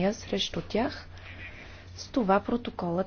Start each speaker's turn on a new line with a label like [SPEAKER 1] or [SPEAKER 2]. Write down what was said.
[SPEAKER 1] обвинения срещу тях. С това протоколът